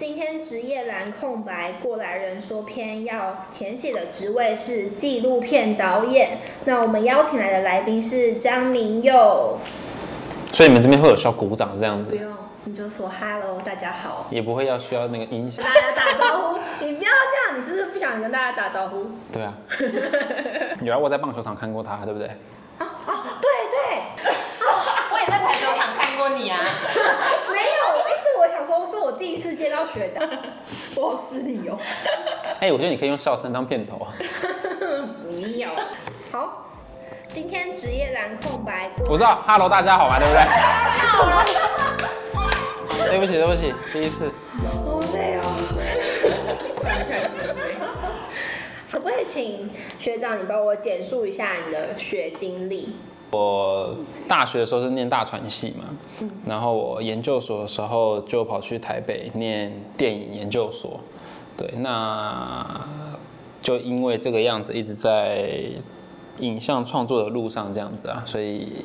今天職業欄空白，過來人說偏要填寫的職位是紀錄片導演。那我們邀請來的來賓是張明佑，所以你們這邊會有需要鼓掌這樣子？不用，你就說 hello，大家好。也不會要需要那個音響，大家打招呼。 你不要這樣，你是不是不想跟大家打招呼？對啊，原來 我在棒球場看過他，對不對？第一次見到學長，我是你哦、喔。哎、欸，我覺得你可以用笑聲當片頭啊。不要 有，好，今天職業欄空白，我知道。Hello，大家好嘛，對不對？ 了對不起，對不起，第一次。好累哦、喔。 可不可以請學長你幫我簡述一下你的學經歷？我大學的時候是念大傳系嘛，嗯，然後我研究所的時候就跑去台北念電影研究所，對，那就因為這個樣子一直在影像創作的路上這樣子啊，所以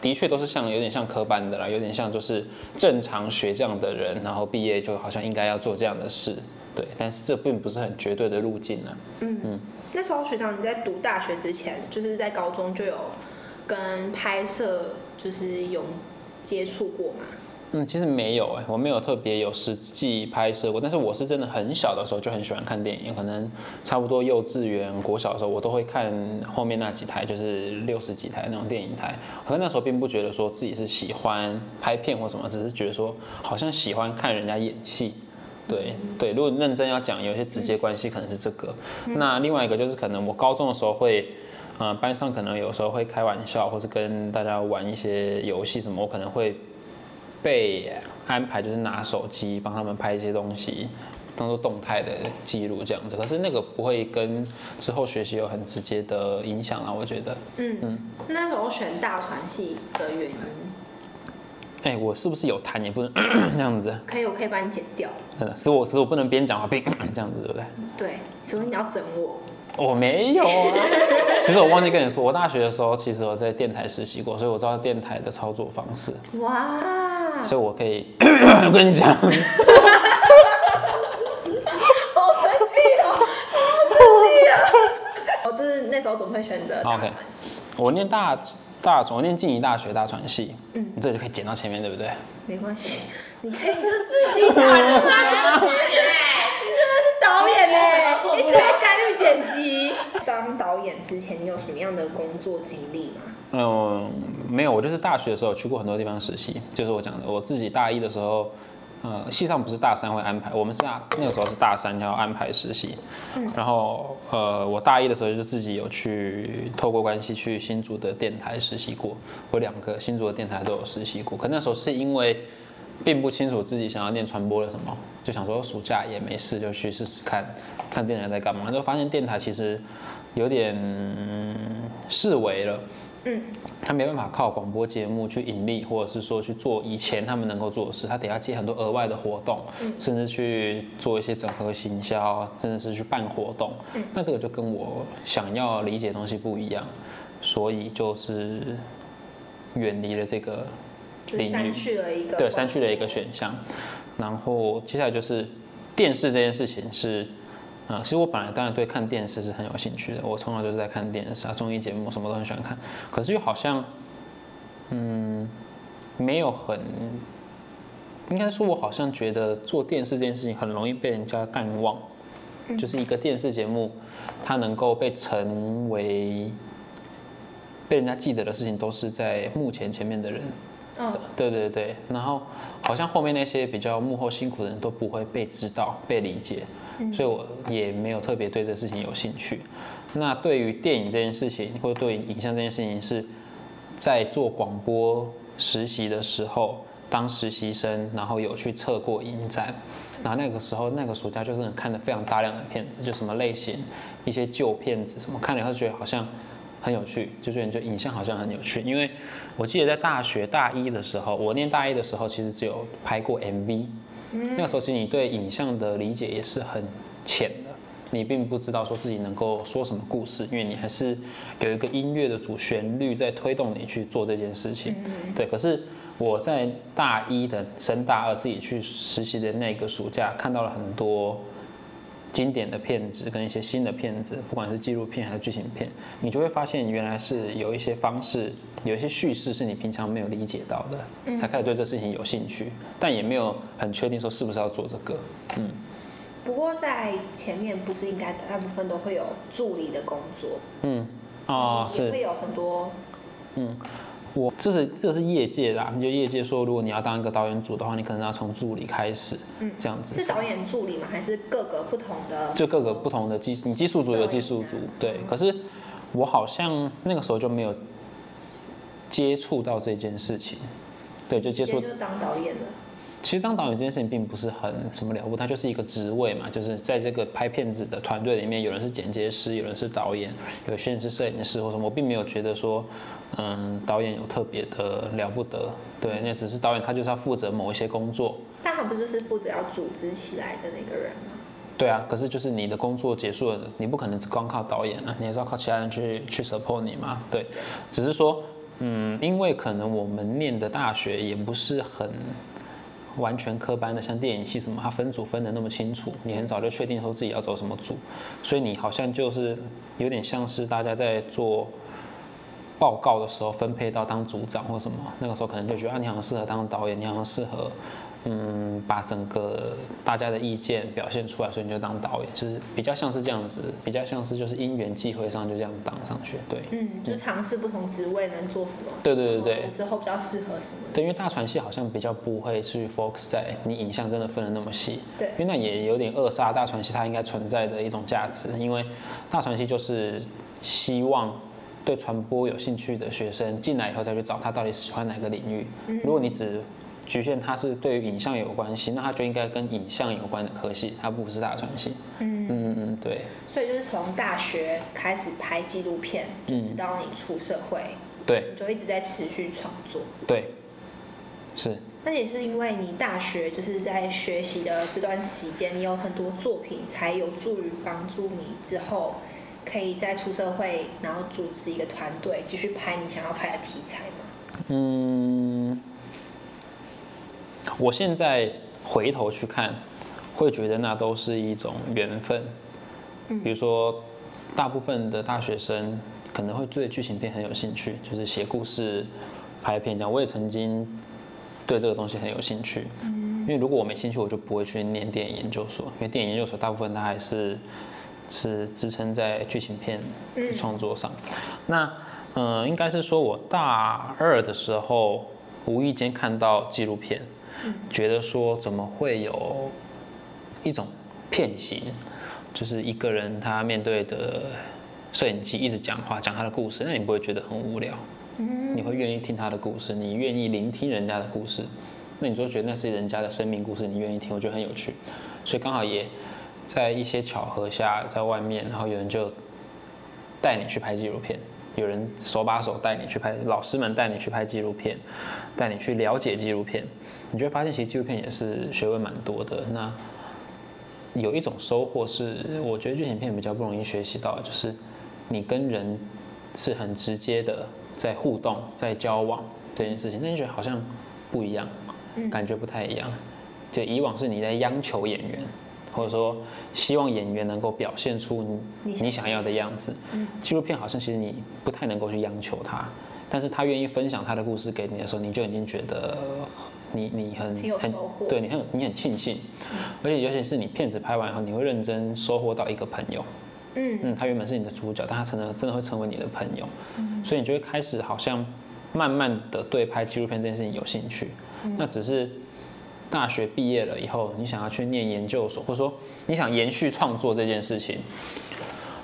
的確都是像有點像科班的啦，有點像就是正常學這樣的人，然後畢業就好像應該要做這樣的事，對，但是這並不是很絕對的路徑啊。嗯嗯，嗯，那時候學長你在讀大學之前，就是在高中就有。跟拍攝就是有接觸過嗎？嗯，其實沒有哎、欸，我沒有特別有實際拍攝過。但是我是真的很小的時候就很喜歡看電影，可能差不多幼稚園、國小的時候，我都會看後面那幾台，就是六十幾台那種電影台。可能那時候並不覺得說自己是喜歡拍片或什麼，只是覺得說好像喜歡看人家演戲。對、嗯、對，如果認真要講，有些直接關係可能是這個。嗯、那另外一個就是可能我高中的時候會。呃，班上可能有時候會開玩笑，或是跟大家玩一些遊戲什麼，我可能會被安排就是拿手機幫他們拍一些東西，當做動態的記錄這樣子。可是那個不會跟之後學習有很直接的影響啊，我覺得。嗯嗯。嗯，那時候選大傳系的原因。哎、欸，我是不是有痰也不能咳咳這樣子。可以，我可以把你剪掉。真的，是我，是我不能邊講話邊這樣子，對不對？對，除非你要整我。我沒有，啊，其實我忘記跟你說，我大學的時候其實我在電台實習過，所以我知道電台的操作方式。哇！所以我可以，我跟你講，喔，好神奇哦，喔，好刺激呀！我就是那時候總會選擇大傳系。Okay，我念大大，我念靜宜大學大傳系。嗯，你這裡就可以剪到前面，對不對？沒關係，你可以就是自己剪。 導演嘞，一直在干預剪輯？當導演之前，你有什麼樣的工作經歷嗎？嗯，沒有，我就是大學的時候去過很多地方實習，就是我講的，我自己大一的時候，呃，系上不是大三會安排，我們是啊，那個時候是大三要安排實習，然後呃，我大一的時候就自己有去透過關係去新竹的電台實習過，我兩個新竹的電台都有實習過，可那時候是因為。並不清楚自己想要念傳播的什麼，就想說暑假也沒事，就去試試看，看電台在幹嘛，就發現電台其實有點式微了，嗯，他沒辦法靠廣播節目去盈利，或者是說去做以前他們能夠做的事，他得要接很多額外的活動，甚至去做一些整合行銷，甚至是去辦活動，那這個就跟我想要理解的東西不一樣，所以就是遠離了這個。刪去了一個對，刪去了一個選項，然後接下來就是電視這件事情是，啊，其實我本來當然對看電視是很有興趣的，我從小就是在看電視啊，綜藝節目什麼都很喜歡看，可是又好像，嗯，沒有很，應該說，我好像覺得做電視這件事情很容易被人家淡忘，就是一個電視節目，它能夠被成為被人家記得的事情，都是在目前前面的人。對對對，然後好像後面那些比較幕後辛苦的人都不會被知道、被理解，所以我也沒有特別對這事情有興趣。那對於電影這件事情，或者對影像這件事情，是在做廣播實習的時候當實習生，然後有去測過影展，那那個時候那個暑假就是看了非常大量的片子，就什麼類型，一些舊片子什麼，看了以後覺得好像，很有趣，就是你覺得影像好像很有趣，因為我記得在大學大一的時候，我念大一的時候，其實只有拍過 MV，嗯、那個時候其實你對影像的理解也是很淺的，你並不知道說自己能夠說什麼故事，因為你還是有一個音樂的主旋律在推動你去做這件事情，嗯嗯對。可是我在大一的升大二自己去實習的那個暑假，看到了很多。經典的片子、跟一些新的片子，不管是紀錄片還是劇情片，你就會發現原來是有一些方式，有一些敘事是你平常沒有理解到的，嗯，才開始對這事情有興趣，但也沒有很確定說是不是要做這個。嗯，不過在前面不是應該大部分都會有助理的工作？嗯，哦，是，會有很多，嗯。我這是這是業界啦，你就業界說，如果你要當一個導演組的話，你可能要從助理開始，嗯，這樣子是導演助理嗎？還是各個不同的？就各個不同的技，你技術組有技術組，對。嗯，可是我好像那個時候就沒有接觸到這件事情，對，就接觸就當導演了。其實當導演這件事情並不是很什麼了不得，他就是一個職位嘛，就是在這個拍片子的團隊裡面，有人是剪接師，有人是導演，有些人是攝影師或什麼。我並沒有覺得說，嗯，導演有特別的了不得。對，那只是導演他就是要負責某一些工作。那他不就是負責要組織起來的那個人嗎？對啊，可是就是你的工作結束了，你不可能只光靠導演啊，你還是要靠其他人去去 support 你嘛。對，只是說，嗯，因為可能我們念的大學也不是很。完全科班的，像電影系什麼，他分組分得那麼清楚，你很早就確定說自己要走什麼組，所以你好像就是有點像是大家在做報告的時候分配到當組長或什麼，那個時候可能就覺得，啊，你好像適合當導演，你好像適合。嗯，把整個大家的意見表現出來，所以你就當導演，就是比較像是這樣子，比較像是就是因緣際會上就這樣當上去，對，嗯，嗯，就嘗試不同職位能做什麼，對對對對，後之後比較適合什麼？對，因為大傳系好像比較不會去 focus 在你影像真的分得那麼細，對，因為那也有點扼殺大傳系它應該存在的一種價值，因為大傳系就是希望對傳播有興趣的學生進來以後再去找他到底喜歡哪個領域，嗯嗯，如果你只。侷限它是對於影像有關係，那它就應該跟影像有關的科系，它不，不是大傳系。嗯嗯嗯，對。所以就是從大學開始拍紀錄片，嗯、就直到你出社會，對，就一直在持續創作。對，是。那也是因為你大學就是在學習的這段時間，你有很多作品，才有助於幫助你之後可以在出社會，然後組織一個團隊，繼續拍你想要拍的題材嘛。嗯。我現在回頭去看，會覺得那都是一種緣分。比如說，大部分的大學生可能會對劇情片很有興趣，就是寫故事、拍片。這樣，我也曾經對這個東西很有興趣。因為如果我沒興趣，我就不會去念電影研究所。因為電影研究所大部分它還是是支撐在劇情片創作上。那，呃，應該是說我大二的時候無意間看到紀錄片。覺得說，怎麼會有一種片型，就是一個人他面對的攝影機一直講話，講他的故事，那你不會覺得很無聊？你會願意聽他的故事，你願意聆聽人家的故事，那你就覺得那是人家的生命故事，你願意聽，我覺得很有趣。所以剛好也在一些巧合下，在外面，然後有人就帶你去拍紀錄片。有人手把手帶你去拍，老師們帶你去拍紀錄片，帶你去了解紀錄片，你就會發現其實紀錄片也是學問蠻多的。那有一種收穫是，我覺得劇情片比較不容易學習到的，就是你跟人是很直接的在互動、在交往這件事情，那你覺得好像不一樣，感覺不太一樣。嗯、就以往是你在央求演員。或者說，希望演員能夠表現出你你想要的樣子。嗯、紀錄片好像其實你不太能夠去央求他，但是他願意分享他的故事給你的時候，你就已經覺得你你很有很對你很你很慶幸，嗯、而且尤其是你片子拍完以後，你會認真收穫到一個朋友。嗯，嗯他原本是你的主角，但他成了真的會成為你的朋友。嗯、所以你就會開始好像慢慢的對拍紀錄片這件事情有興趣。嗯、那只是。大學畢業了以後，你想要去念研究所，或者說你想延續創作這件事情，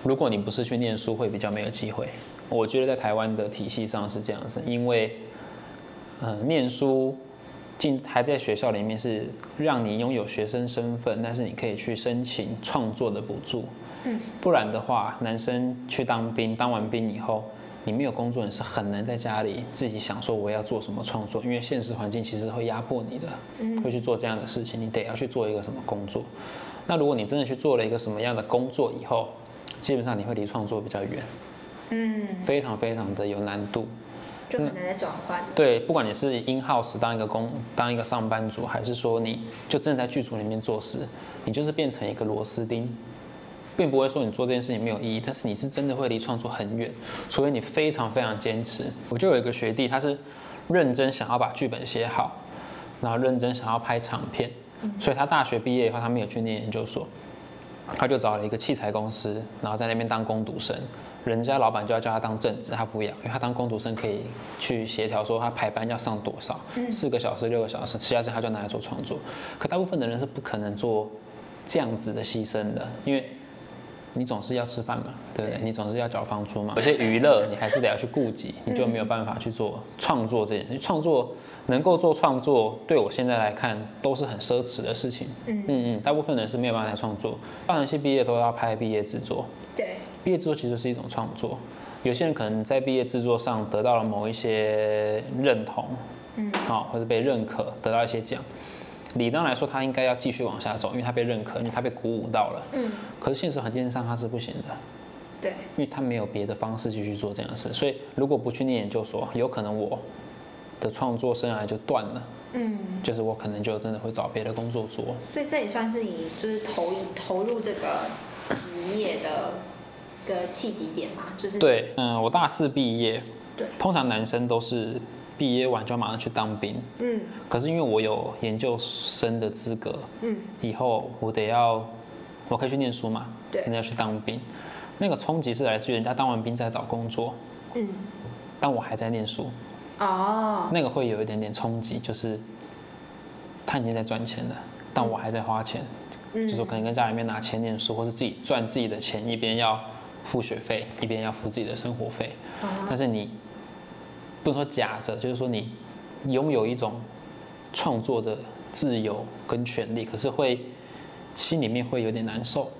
如果你不是去念書，會比較沒有機會。我覺得在台灣的體系上是這樣子，因為，嗯、呃，念書進還在學校裡面是讓你擁有學生身份，但是你可以去申請創作的補助。嗯，不然的話，男生去當兵，當完兵以後。你沒有工作，你是很難在家裡自己想說我要做什麼創作，因為現實環境其實會壓迫你的，嗯、會去做這樣的事情。你得要去做一個什麼工作。那如果你真的去做了一個什麼樣的工作以後，基本上你會離創作比較遠，嗯，非常非常的有難度，就很難在轉換，嗯。對，不管你是 in-house 當一個工，當一個上班族，還是說你就真的在劇組裡面做事，你就是變成一個螺絲釘。並不會說你做這件事情沒有意義，但是你是真的會離創作很遠，除非你非常非常堅持。我就有一個學弟，他是認真想要把劇本寫好，然後認真想要拍長片，所以他大學畢業以後，他沒有去念研究所，他就找了一個器材公司，然後在那邊當工讀生。人家老闆就要叫他當正職，他不要，因為他當工讀生可以去協調說他排班要上多少，四個小時、六個小時，其他時間他就拿來做創作。可大部分的人是不可能做這樣子的犧牲的，因為。你總是要吃飯嘛，對不對，對？你總是要交房租嘛對，有些娛樂你還是得要去顧及，你就沒有辦法去做創作這件事情。創作能夠做創作，對我現在來看都是很奢侈的事情。嗯嗯，大部分人是沒有辦法創作。大傳系畢業都要拍畢業制作，對，畢業制作其實是一種創作。有些人可能在畢業制作上得到了某一些認同，嗯，或者被認可，得到一些獎。理當來說，他應該要繼續往下走，因為他被認可，因為他被鼓舞到了。嗯。可是現實環境上他是不行的。對。因為他沒有別的方式繼續做這樣的事，所以如果不去念研究所，有可能我的創作生涯就斷了。嗯。就是我可能就真的會找別的工作做。所以這也算是你就是投入投入這個職業的個契機點嘛？就是。對，嗯，我大四畢業。對。通常男生都是。畢業完就要馬上去當兵，嗯，可是因為我有研究生的資格，嗯，以後我得要，我可以去念書嘛，對，人家去當兵，那個衝擊是來自於人家當完兵再找工作，嗯，但我還在念書，哦，那個會有一點點衝擊，就是他已經在賺錢了，但我還在花錢，就是說可能跟家裡面拿錢念書，或是自己賺自己的錢，一邊要付學費，一邊要付自己的生活費，但是你。不如說假着，就是說你擁有一種創作的自由跟權利，可是會心裡面會有點難受，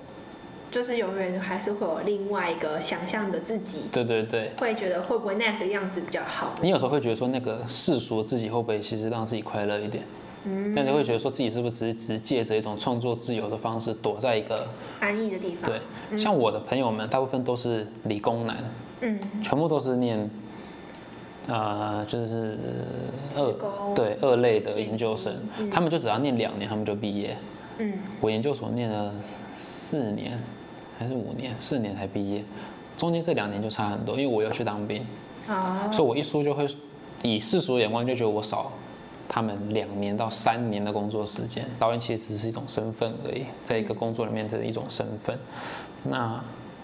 就是永遠還是會有另外一個想象的自己。對對對，會覺得會不會那個樣子比較好？你有時候會覺得說那個世俗自己會不會其實讓自己快樂一點？嗯，那你會覺得說自己是不是只是只是借着一種創作自由的方式躲在一個安逸的地方？對，像我的朋友們，嗯、大部分都是理工男，嗯，全部都是念。呃，就是二對二類的研究生，他們就只要念兩年，他們就畢業。我研究所念了四年還是五年，四年才畢業，中間這兩年就差很多，因為我要去當兵。所以我一說就會以世俗眼光就覺得我少他們兩年到三年的工作時間。導演其實只是一種身份而已，在一個工作裡面的一種身份。那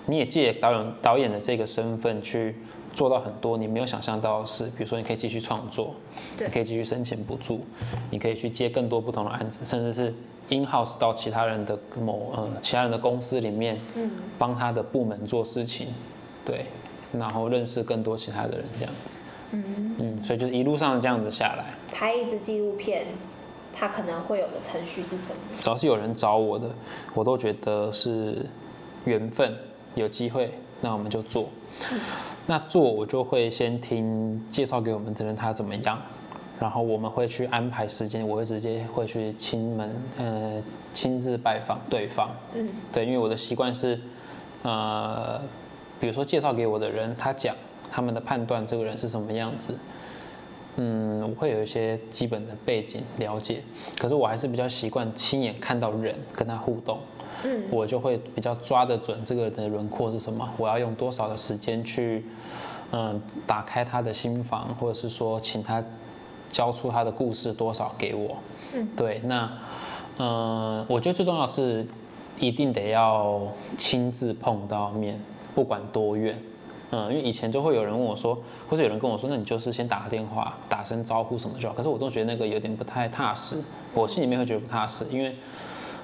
你也借導演導演的這個身份去。做到很多你沒有想象到的事，比如說你可以繼續創作，對，你可以繼續申請補助，你可以去接更多不同的案子，甚至是 in house 到其他人的某呃其他人的公司裡面，嗯，幫他的部門做事情，對，然後認識更多其他的人這樣子，嗯嗯，所以就是一路上這樣子下來，拍一支紀錄片，它可能會有的程序是什麼？只要是有人找我的，我都覺得是緣分，有機會，那我們就做。 那做我就會先聽介紹給我們的人他怎麼樣，然後我們會去安排時間，我會直接會去親門，呃，親自拜訪對方。嗯，對，因為我的習慣是，呃，比如說介紹給我的人，他講他們的判斷這個人是什麼樣子，嗯，我會有一些基本的背景了解，可是我還是比較習慣親眼看到人跟他互動。我就會比較抓得準這個人的輪廓是什麼，我要用多少的時間去，嗯，打開他的心房，或者是說請他交出他的故事多少給我。對，那，嗯，我覺得最重要是一定得要親自碰到面，不管多遠，嗯，因為以前就會有人問我說，或者有人跟我說，那你就是先打個電話，打聲招呼什麼就好，可是我都覺得那個有點不太踏實，我心裡面會覺得不踏實，因為。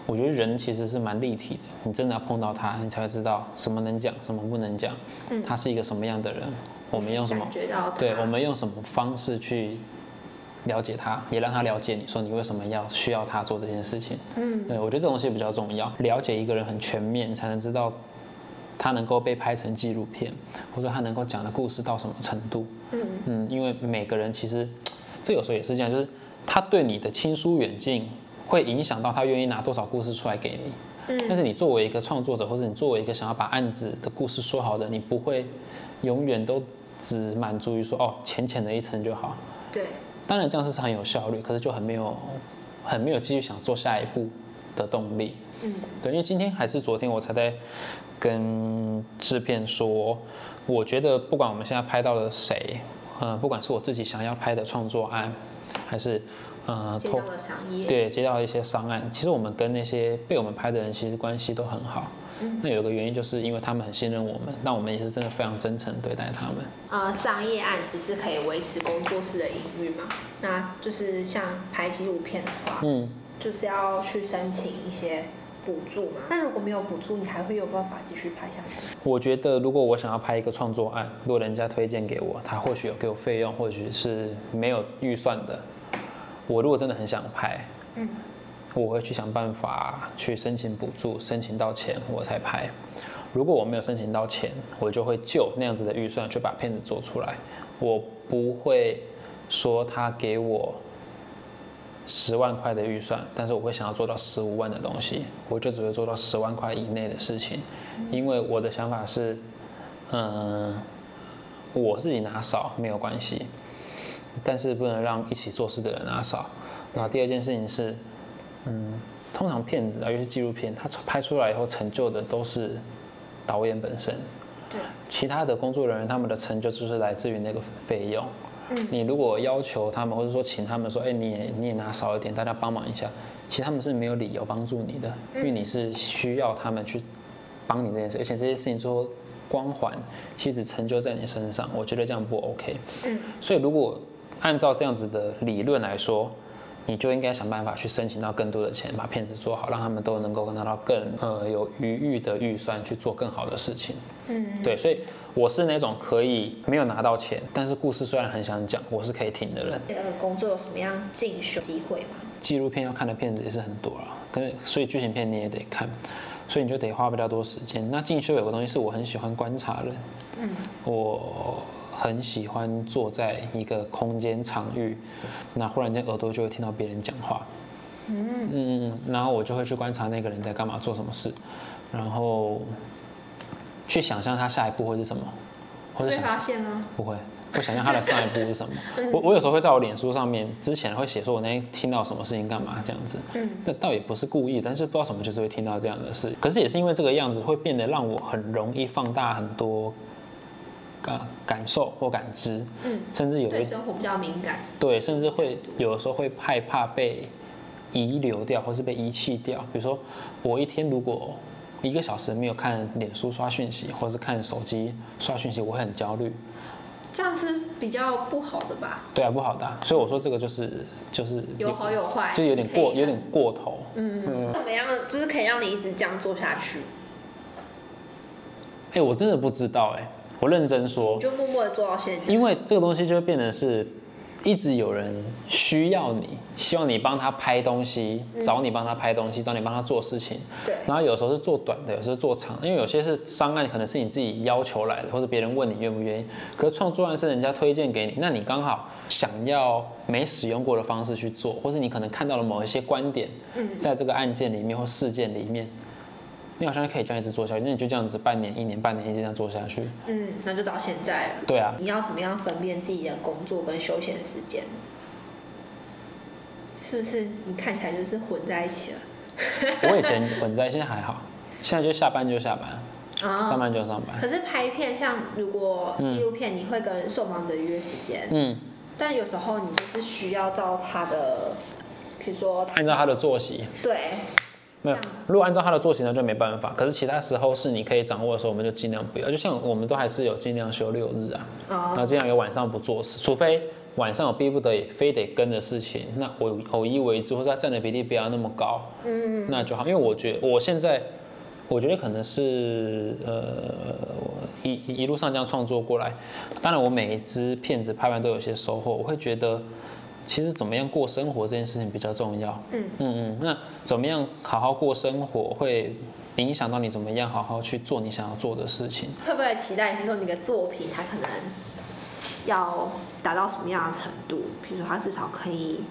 我覺得人其實是蠻立體的，你真的要碰到他，你才會知道什麼能講，什麼不能講。嗯，他是一個什麼樣的人，我們用什麼？感覺到。對，我們用什麼方式去了解他，也讓他了解你，說你為什麼要需要他做這件事情。嗯，對，我覺得這種東西比較重要。了解一個人很全面，你才能知道他能夠被拍成紀錄片，或者說他能夠講的故事到什麼程度。嗯，嗯，因為每個人其實，這有時候也是這樣，就是他對你的親疏遠近，會影響到他願意拿多少故事出來給你。嗯，但是你作為一個創作者，或者你作為一個想要把案子的故事說好的，你不會永遠都只滿足於說哦，淺淺的一層就好。對，當然這樣是很有效率，可是就很沒有很沒有繼續想做下一步的動力。嗯，對，因為今天還是昨天我才在跟製片說，我覺得不管我們現在拍到了誰，呃，不管是我自己想要拍的創作案，還是。呃，嗯、接到了商業，對，接到一些商案。其實我們跟那些被我們拍的人，其實關係都很好。嗯。那有一個原因就是因為他們很信任我們，那我們也是真的非常真誠對待他們。呃，商業案只是可以維持工作室的營運嘛，那就是像拍紀錄片的話，嗯，就是要去申請一些補助嘛。但如果沒有補助，你還會有辦法繼續拍下去嗎？我覺得如果我想要拍一個創作案，如果人家推薦給我，他或許有給我費用，或許是沒有預算的。我如果真的很想拍，嗯，我會去想辦法去申請補助，申請到錢我才拍。如果我沒有申請到錢，我就會就那樣子的預算去把片子做出來。我不會說他給我十萬塊的預算，但是我會想要做到十五萬的東西，我就只會做到十萬塊以內的事情。嗯，因為我的想法是，嗯，我自己拿少，沒有關係。但是不能讓一起做事的人拿少。那第二件事情是，嗯，通常片子啊，尤其是紀錄片，他拍出來以後成就的都是導演本身。對。其他的工作人員他們的成就就是來自於那個費用。嗯。你如果要求他們，或者說請他們說，哎、欸，你也你也拿少一點，大家幫忙一下。其實他們是沒有理由幫助你的，嗯、因為你是需要他們去幫你這件事，而且這些事情之後，光環，其實成就在你身上，我覺得這樣不 OK。嗯。所以如果。按照這樣子的理論來說，你就應該想辦法去申請到更多的錢，把片子做好，讓他們都能夠拿到更呃有餘裕的預算去做更好的事情。嗯，對，所以我是那種可以沒有拿到錢，但是故事雖然很想講，我是可以停的人。呃，工作有什麼樣進修機會嗎？紀錄片要看的片子也是很多了，跟所以劇情片你也得看，所以你就得花比較多時間。那進修有個東西是我很喜歡觀察的，嗯，我。很喜歡坐在一個空間場域，那忽然間耳朵就會聽到別人講話，嗯嗯，然後我就會去觀察那個人在幹嘛，做什麼事，然後去想象他下一步會是什麼，或者想發現，不會，我想象他的上一步是什麼。 嗯、我我有時候會在我臉書上面之前會寫說，我那天聽到什麼事情幹嘛這樣子，那倒也不是故意，但是不知道什麼就是會聽到這樣的事，可是也是因為這個樣子會變得讓我很容易放大很多。感感受或感知，嗯，甚至有對生活比較敏感是是，對，甚至會有的時候會害怕被遺留掉，或是被遺棄掉。比如說，我一天如果一個小時沒有看臉書刷訊息，或是看手機刷訊息，我會很焦慮。這樣是比較不好的吧？對啊，不好的、啊。所以我說這個就是就是有，有好有壞，就有點過有點過頭。嗯嗯，怎麼、嗯、樣的就是可以讓你一直這樣做下去？哎、欸，我真的不知道哎、欸。我認真說，你就默默的做到現在，因為這個東西就會變成是，一直有人需要你，希望你幫他拍東西，找你幫他拍東西，找你幫他做事情。對。然後有時候是做短的，有時候是做長的，因為有些是商案，可能是你自己要求來的，或者別人問你願不願意。可是創作案是人家推薦給你，那你剛好想要沒使用過的方式去做，或者你可能看到了某一些觀點，在這個案件裡面或事件裡面。你好像可以這樣一直做下去，那你就這樣子半年、一年、半年一直這樣做下去。嗯，那就到現在了。對啊，你要怎麼樣分辨自己的工作跟休閒時間？是不是你看起來就是混在一起了？我以前混在，現在還好。 現在就下班就下班，啊，上班就上班。可是拍片，像如果紀錄片，你會跟受訪者約時間，嗯，但有時候你就是需要照他的，比如說按照他的作息，對。沒有，如果按照他的作息呢，就沒辦法。可是其他時候是你可以掌握的時候，我們就盡量不要。就像我們都還是有盡量休六日啊，哦、然後盡量有晚上不做事，除非晚上我逼不得已，非得跟的事情，那我偶一為之，或者佔的比例不要那麼高，嗯，嗯，那就好。因為我覺得我現在，我覺得可能是呃一一路上這樣創作過來，當然我每一支片子拍完都有些收穫，我會覺得。其實怎麼樣過生活這件事情比較重要。嗯嗯嗯，那怎麼樣好好過生活會影響到你怎麼樣好好去做你想要做的事情。會不會期待，比如說你的作品，它可能要達到什麼樣的程度？譬如說它至少可以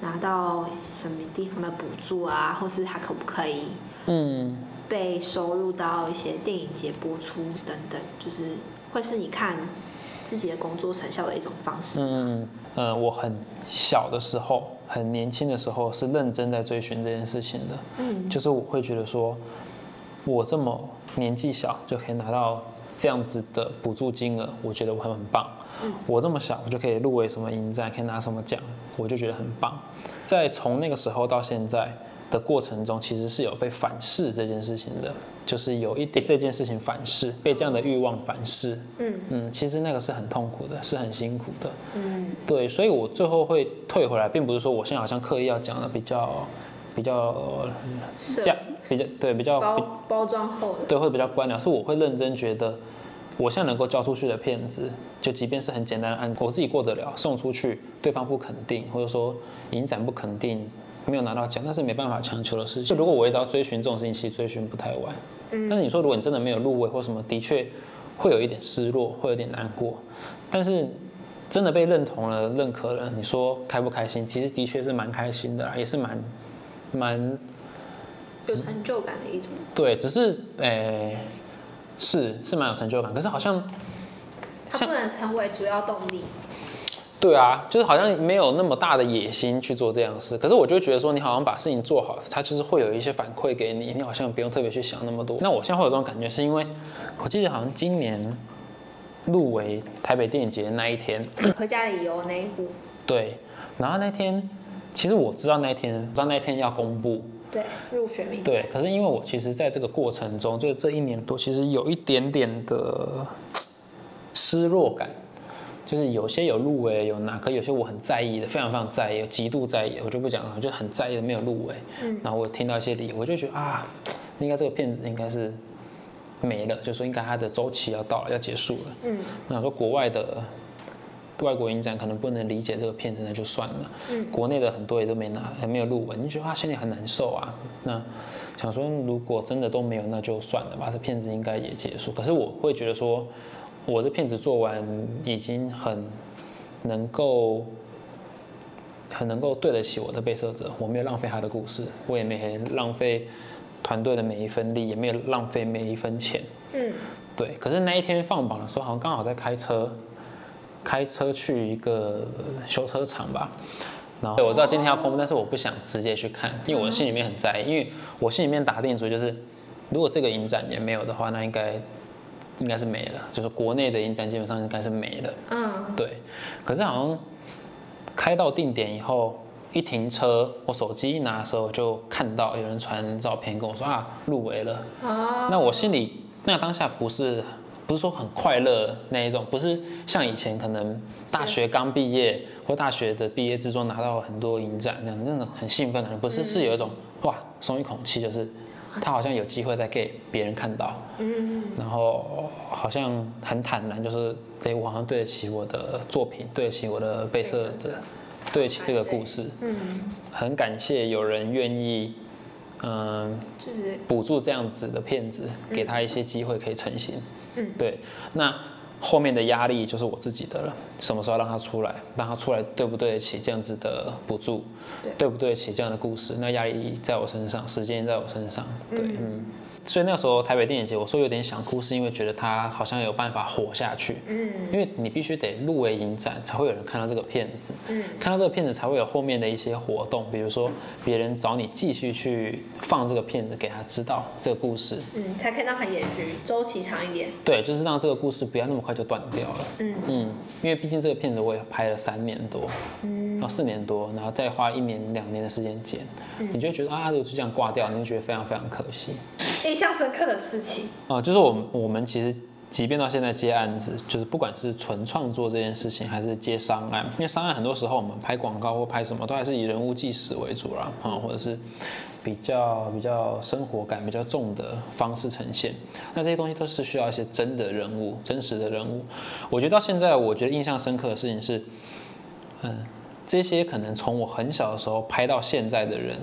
拿到什麼地方的補助啊，或是它可不可以嗯被收入到一些電影節播出等等，就是會是你看自己的工作成效的一種方式嗯。嗯，我很小的時候，很年輕的時候，是認真在追尋這件事情的。嗯，就是我會覺得說，我這麼年紀小就可以拿到這樣子的補助金額，我覺得我很很棒。嗯、我這麼小我就可以入圍什麼影展可以拿什麼獎，我就覺得很棒。在從那個時候到現在。的過程中，其實是有被反噬這件事情的，就是有一點這件事情反噬，被這樣的慾望反噬。嗯嗯，其實那個是很痛苦的，是很辛苦的。嗯，對，所以我最後會退回來，並不是說我現在好像刻意要講的比較比較、嗯、是這樣比較對比較包裝後的對，會比較官僚，是我會認真覺得我現在能夠交出去的片子，就即便是很簡單的案我自己過得了，送出去對方不肯定，或者說影展不肯定，沒有拿到獎，但是沒辦法強求的事情。就如果我一直要追尋這種事情，其實追尋不太完。嗯，但是你說，如果你真的沒有入圍或什麼，的確會有一點失落，會有點難過。但是真的被認同了、認可了，你說，開不開心？其實的確是蠻開心的啊，也是蠻蠻有成就感的一種。對，只是誒，是是蠻有成就感，可是好像它不能成為主要動力。對啊，就是好像沒有那麼大的野心去做這樣的事。可是我就覺得說，你好像把事情做好，它其實會有一些反饋給你，你好像不用特別去想那麼多。那我現在會有這種感覺，是因為我記得好像今年入圍台北電影節那一天，回家理由那一部。對，然後那天，其實我知道那天，知道那天要公布，對，入選名。對，可是因為我其實在這個過程中，就是這一年多，其實有一點點的失落感。就是有些有入圍，有拿，可有些我很在意的，非常非常在意，極度在意，我就不講了，我就很在意的沒有入圍。嗯，然後我聽到一些理由，我就覺得啊，應該這個片子應該是沒了，就說應該它的周期要到了，要結束了。嗯，那我想說國外的外國影展可能不能理解這個片子，那就算了。嗯，國內的很多也都沒拿，還沒有入圍，就覺得心裡很難受啊。那想說如果真的都沒有，那就算了吧，這片子應該也結束。可是我會覺得說，我的片子做完已經很，能夠，很能夠對得起我的被攝者，我沒有浪費他的故事，我也沒浪費團隊的每一分力，也沒有浪費每一分錢。嗯，對。可是那一天放榜的時候，好像剛好在開車，開車去一個修車廠吧。然後我知道今天要公布，但是我不想直接去看，因為我心裡面很在意，因為我心裡面打定主意就是，如果這個影展也沒有的話，那應該。應該是沒了，就是國內的影展基本上應該是沒了。嗯，對。可是好像開到定點以後，一停車，我手機一拿的時候，我就看到有人傳照片跟我說啊入圍了。哦、那我心裡那當下不是不是說很快樂那一種，不是像以前可能大學剛畢業對或大學的畢業之中拿到很多影展那那種很興奮的，不是是有一種、嗯、哇鬆一口氣就是。他好像有機會再給別人看到，嗯，然後好像很坦然，就是得我好像對得起我的作品，對得起我的被攝者，對得起這個故事，嗯，很感謝有人願意，嗯，就是補助這樣子的片子，給他一些機會可以成型，嗯，對，那後面的壓力就是我自己的了。什麼時候讓他出來？讓他出來對不對得起這樣子的補助？對，對不對得起這樣的故事？那壓力在我身上，時間在我身上。對，嗯，嗯。所以那時候台北電影節，我說有點想哭，是因為覺得他好像有辦法活下去。嗯。因為你必須得入圍影展，才會有人看到這個片子。嗯。看到這個片子，才會有後面的一些活動，比如說別人找你繼續去放這個片子給他知道這個故事。嗯。才可以讓他延續週期長一點。對，就是讓這個故事不要那麼快就斷掉了。嗯嗯。因為。畢竟這個片子我也拍了三年多，嗯、然後四年多，然後再花一年兩年的時間剪，嗯、你就會覺得啊，如果就這樣掛掉，你就覺得非常非常可惜。印象深刻的事情啊、呃，就是我們我們其實即便到現在接案子，就是不管是純創作這件事情，還是接商案，因為商案很多時候我們拍廣告或拍什麼都還是以人物紀實為主啦，啊、嗯，或者是。比較比較生活感比較重的方式呈現，那這些東西都是需要一些真的人物、真實的人物。我覺得到現在，我覺得印象深刻的事情是，嗯，這些可能從我很小的時候拍到現在的人。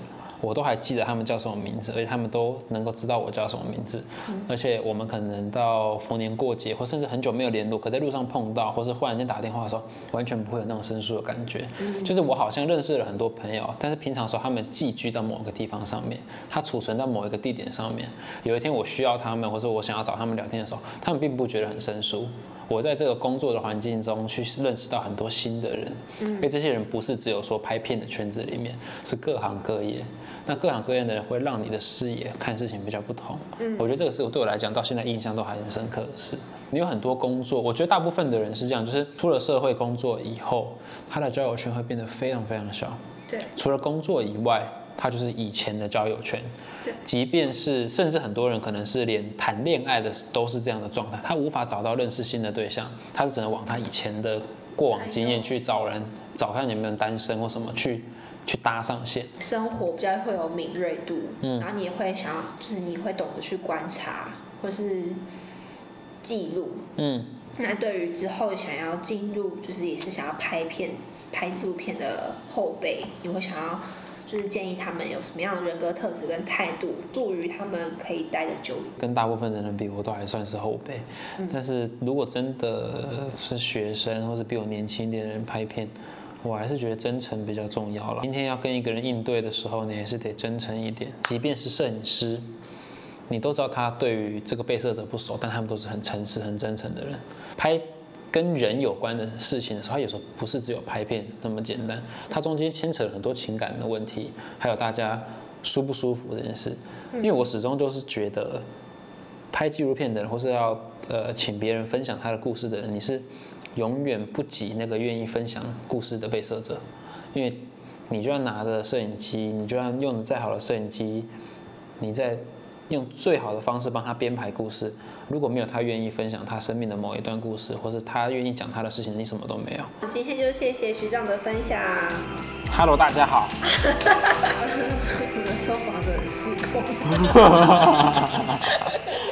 我都還記得他們叫什麼名字，而且他們都能夠知道我叫什麼名字，嗯、而且我們可能到逢年過節，或甚至很久沒有聯絡，可在路上碰到，或是忽然間打電話的時候，完全不會有那種生疏的感覺。嗯嗯，就是我好像認識了很多朋友，但是平常說他們寄居到某個地方上面，他儲存到某一個地點上面。有一天我需要他們，或者我想要找他們聊天的時候，他們並不覺得很生疏。我在這個工作的環境中去認識到很多新的人，嗯嗯，因為這些人不是只有說拍片的圈子裡面，是各行各業。那各行各業的人會讓你的視野看事情比較不同。嗯，我覺得這個事我對我來講到現在印象都還很深刻的事。你有很多工作，我覺得大部分的人是這樣，就是出了社會工作以後，他的交友圈會變得非常非常小。對，除了工作以外，他就是以前的交友圈。即便是甚至很多人可能是連談戀愛的都是這樣的狀態，他無法找到認識新的對象，他就只能往他以前的過往經驗去找人，找看你們的單身或什麼去。去搭上線，生活比較會有敏銳度，嗯，然後你也會想要，就是你會懂得去觀察或是記錄，嗯。那對於之後想要進入，就是也是想要拍片、拍紀錄片的後輩，你會想要就是建議他們有什麼樣的人格特質跟態度，助於他們可以待得久。跟大部分的人比，我都還算是後輩，嗯、但是如果真的是學生或是比我年輕一點的人拍片。我還是覺得真誠比較重要了。今天要跟一個人應對的時候，你還是得真誠一點。即便是攝影師，你都知道他對於這個被攝者不熟，但他們都是很誠實、很真誠的人。拍跟人有關的事情的時候，他有時候不是只有拍片那麼簡單，他中間牽扯了很多情感的問題，還有大家舒不舒服這件事。因為我始終就是覺得，拍紀錄片的人或是要呃請別人分享他的故事的人，你是。永遠不及那個願意分享故事的被攝者，因為你就算拿着攝影機，你就算用的再好的攝影機，你再用最好的方式幫他編排故事，如果沒有他願意分享他生命的某一段故事，或是他願意講他的事情，你什麼都沒有。今天就謝謝徐長的分享哈。Hello，大家好。我們說話的失控。